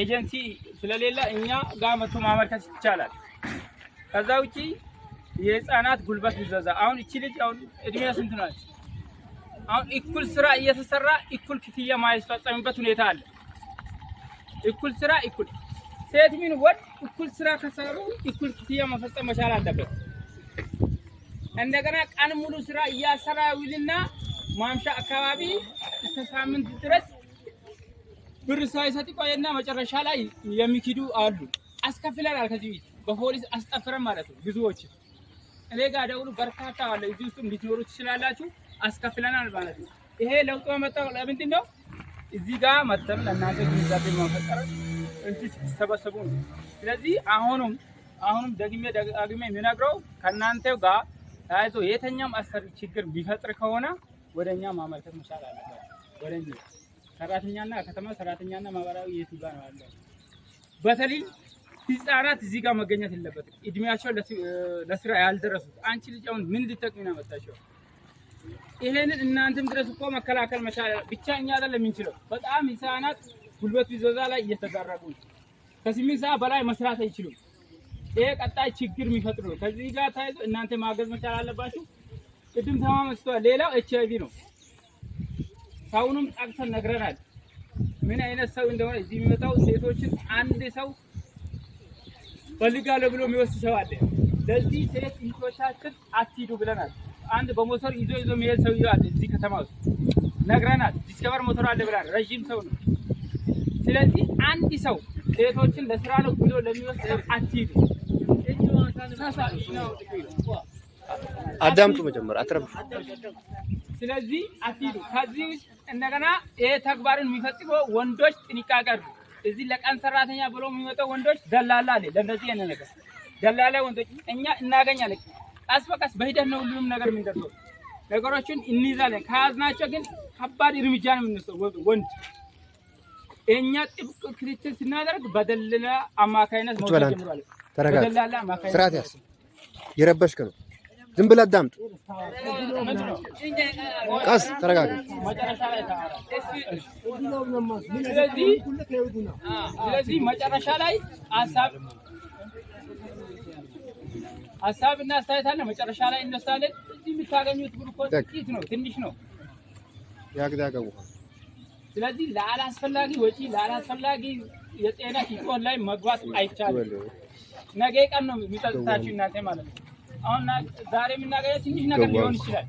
ኤጀንሲ ስለሌለ እኛ ጋር መቶ ማመልከት ይቻላል። ከዛ ውጪ የህፃናት ጉልበት ብዝበዛ አሁን እቺ ልጅ አሁን እድሜ ስንት ነው? አሁን እኩል ስራ እየተሰራ እኩል ክፍያ ማይፈጸምበት ሁኔታ አለ። እኩል ስራ እኩል ሴት ምን ወድ እኩል ስራ ከሰሩ እኩል ክፍያ መፈጸም መቻል አለበት። እንደገና ቀን ሙሉ ስራ እያሰራ ይውልና ማምሻ አካባቢ እስከ ሳምንት ድረስ ብር ሳይሰጥ ቆየና መጨረሻ ላይ የሚክዱ አሉ። አስከፍለናል። ከዚህ ቤት በፖሊስ አስጠፍረን ማለት ነው። ብዙዎች እኔ ጋር ደውሉ፣ በርካታ አለ እዚህ ውስጥ እንድትኖሩ ትችላላችሁ። አስከፍለናል ማለት ነው። ይሄ ለውጥ መጣው ለምንድን ነው? እዚህ ጋር መተም ለእናንተ ግንዛቤ መፈጠር እንትን ስትሰበሰቡ ነው። ስለዚህ አሁንም አሁንም ደግሜ ደግሜ የሚነግረው ከእናንተ ጋር ተያይዞ የተኛም አሰሪ ችግር ቢፈጥር ከሆነ ወደኛ ማመልከት መቻል አለበት ወደኛ ሰራተኛና ከተማ ሰራተኛና ማህበራዊ የቱ ጋር ነው ያለው? በተለይ ህጻናት እዚህ ጋር መገኘት የለበትም። እድሜያቸው ለስራ ያልደረሱት አንቺ ልጅ አሁን ምን ሊጠቅም ነው መጣቸው? ይሄንን እናንተም ድረስ እኮ መከላከል መቻል ብቻ እኛ አይደለም የምንችለው። በጣም ህፃናት ጉልበት ብዝበዛ ላይ እየተዳረጉ ከስምንት ሰዓት በላይ መስራት አይችሉም። ይሄ ቀጣይ ችግር የሚፈጥሩ ነው። ከዚህ ጋር ተያይዞ እናንተ ማገዝ መቻል አለባችሁ። ቅድም ተማመስተዋል። ሌላው ኤች አይ ቪ ነው። ሰውንም ጠቅሰን ነግረናል። ምን አይነት ሰው እንደሆነ እዚህ የሚመጣው ሴቶችን አንድ ሰው ፈልጋለሁ ብሎ የሚወስድ ሰው አለ። ለዚህ ሴት እህቶቻችን አትሂዱ ብለናል። አንድ በሞተር ይዞ ይዞ የሚሄድ ሰው አለ እዚህ ከተማ ውስጥ ነግረናል። ዲስከቨር ሞተር አለ ብላል። ረዥም ሰው ነው። ስለዚህ አንድ ሰው ሴቶችን ለስራ ነው ብሎ ለሚወስድ ሰው አትሂዱ። አዳምጡ መጀመር አትረብ። ስለዚህ አትሂዱ ከዚህ እንደገና ይህ ተግባርን የሚፈጽሙ ወንዶች ጥንቃቄ አድርጉ። እዚህ ለቀን ሰራተኛ ብሎ የሚመጣው ወንዶች ደላላ አለ። ለእነዚህ ያለ ነገር ደላላ ወንዶች እኛ እናገኛለን። ቀስ በቀስ በሂደት ነው ሁሉም ነገር የምንደርሰው። ነገሮችን እንይዛለን። ከያዝናቸው ግን ከባድ እርምጃ ነው የምንወስደው። ወንድ እኛ ጥብቅ ክትትል ስናደርግ በደላላ አማካይነት መውሰድ ጀምሯል። በደላላ አማካይነት ስርዓት ያስ የረበሽክ ነው ዝም ብለህ አዳምጥ። ቀስ ተረጋጋ። ስለዚህ መጨረሻ ላይ ሀሳብ ሀሳብ እና አስተያየታለን መጨረሻ ላይ እነሳለን። እዚህ የምታገኙት ግሉኮዝ ጥቂት ነው፣ ትንሽ ነው። ስለዚህ ለአላስፈላጊ ወጪ ለአላስፈላጊ የጤና ኪጦን ላይ መግባት አይቻልም። ነገ ቀን ነው የሚጠጥታችሁ እናንተ ማለት ነው። አሁን ዛሬ የምናገኘው ትንሽ ነገር ሊሆን ይችላል።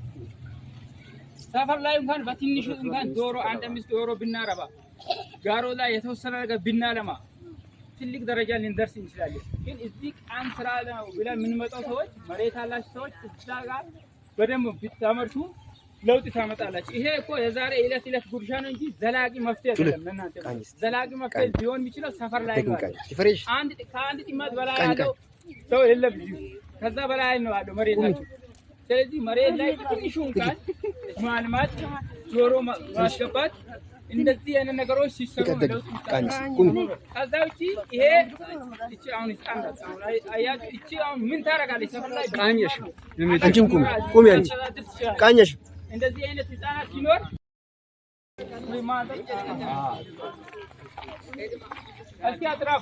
ሰፈር ላይ እንኳን በትንሹ እንኳን ዶሮ አንድ አምስት ዶሮ ብናረባ ጋሮ ላይ የተወሰነ ነገር ብናለማ ትልቅ ደረጃ ልንደርስ እንችላለን። ግን እዚህ ቀን ስራ ነው ብለን የምንመጣው ሰዎች መሬት አላችሁ ሰዎች እዛ ጋር በደንብ ብታመርቱ ለውጥ ታመጣላችሁ። ይሄ እኮ የዛሬ ዕለት ዕለት ጉርሻ ነው እንጂ ዘላቂ መፍትሄ አይደለም። እናንተ ዘላቂ መፍትሄ ሊሆን የሚችለው ሰፈር ላይ ነው። አንድ ከአንድ ጥማት በላይ ያለው ሰው የለም። ከዛ በላይ ነው አለው መሬታቸው። ስለዚህ መሬት ላይ ትንሹ እንኳን ማልማት፣ ዶሮ ማስገባት እንደዚህ አይነት ነገሮች ሲሰሩ ከዛ ውጪ ይሄ እቺ አሁን እቺ አሁን ምን ታደርጋለች? ቃኘሽ፣ አንቺም ቁሚ ቁሚ፣ አንቺ ቃኘሽ። እንደዚህ አይነት ህጻናት ሲኖር እስኪ አጥራፍ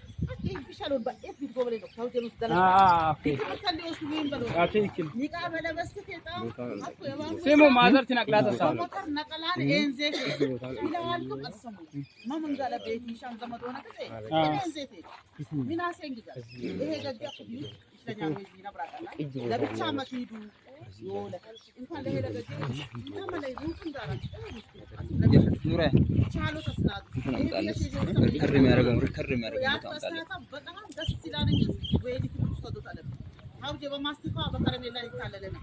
ስሙ ማዘር ትነቅላ ዙሪያ ሪከር የሚያደርገው ሪከር የሚያደርገው በጣም ደስ ይላል እንጂ ወይዲት አውጀ በማስቲካ በከረሜላ ይታለለና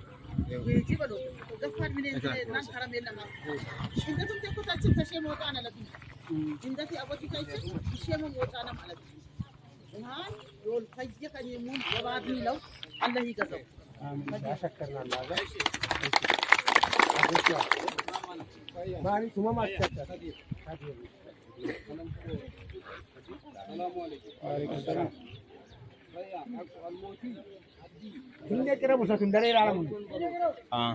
ወይጂ በሎ ገፋድ ምን እና ከረሜላ ማለት እንደቱም ተቆጣችን ተሸም ወጣ ነለብ እንደቲ አቦቲ ታይችን ተሸም ወጣ ነው ማለት ነው ማን ዶል ፈየከኝ ሙን ለባድ ነው አላህ ይገዛው አሜን አሸከርና አላህ Bani semua macet. Iya, Assalamualaikum. Waalaikumsalam. Ah. ah.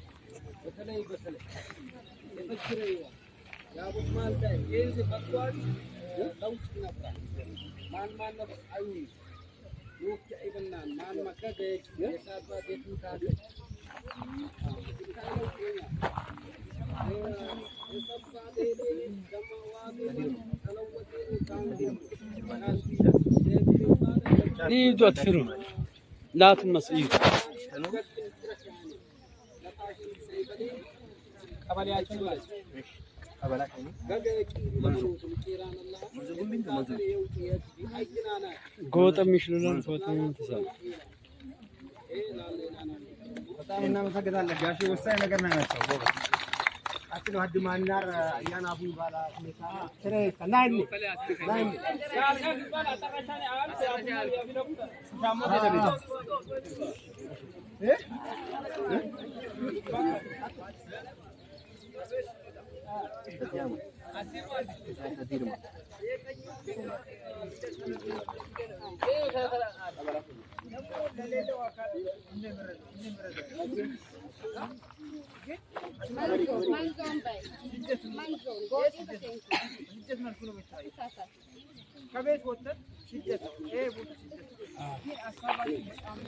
በተለይ በተለይ የፈክረ የአቡት ማልዳ የህዝ በቷል ለውጥ ነበር። ማን ማን ነው አዩ ሉክ ኢብና ማን መከደ የሳባ ቤቱ ታለ ይዟት ፍሩ ላትመስ እዩ ቀበሌያችን ማለት ጎጥ የሚችሉልን ፎቶ ትሰራ በጣም እናመሰግናለን። ጋሽ ወሳኝ ነገር ነው ያነሳው። አትሎ አድማናር ያናቡ ባላ Gracias. ከቤት ወጥተን ስደት ነው ይሄ ቦታ ስደት ነው። ይህ አሳባችን በጣም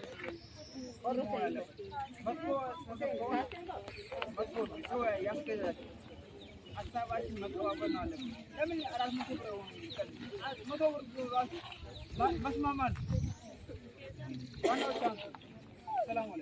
መጥፎ ነው። ሰው ያስገዛል። አሳባችን መቀባበል ነው አለብን። ለምን አራት መቶ ብር መቶ ብር ራሱ መስማማት ዋናው ሰላም አለ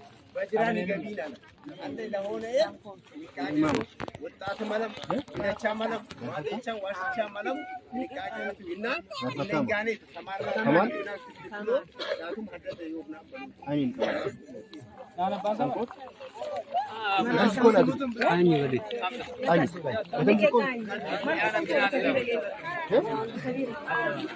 వజ్రాని గబీనా అంటే ఇలా హోనయ్య వత్తాతమలం ఇదచ్చమలం మాదించం వాసిచ్చమలం నీ కాజనతు విన్నా నింగానే సమారణ విన్నా దాకు హడ్రత యోగ్నా ఐన్ నానా బాసా عيني وليد عيني عيني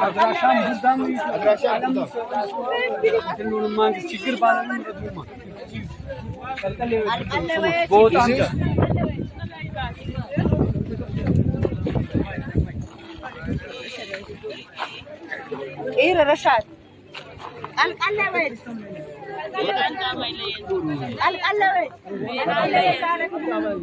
Adraşan buradan mı? Adraşan buradan. Zaten onun mangis çikir bağlanın mı? Boğut amca. ايه رشاد قال قال لا وين قال قال لا وين قال قال لا وين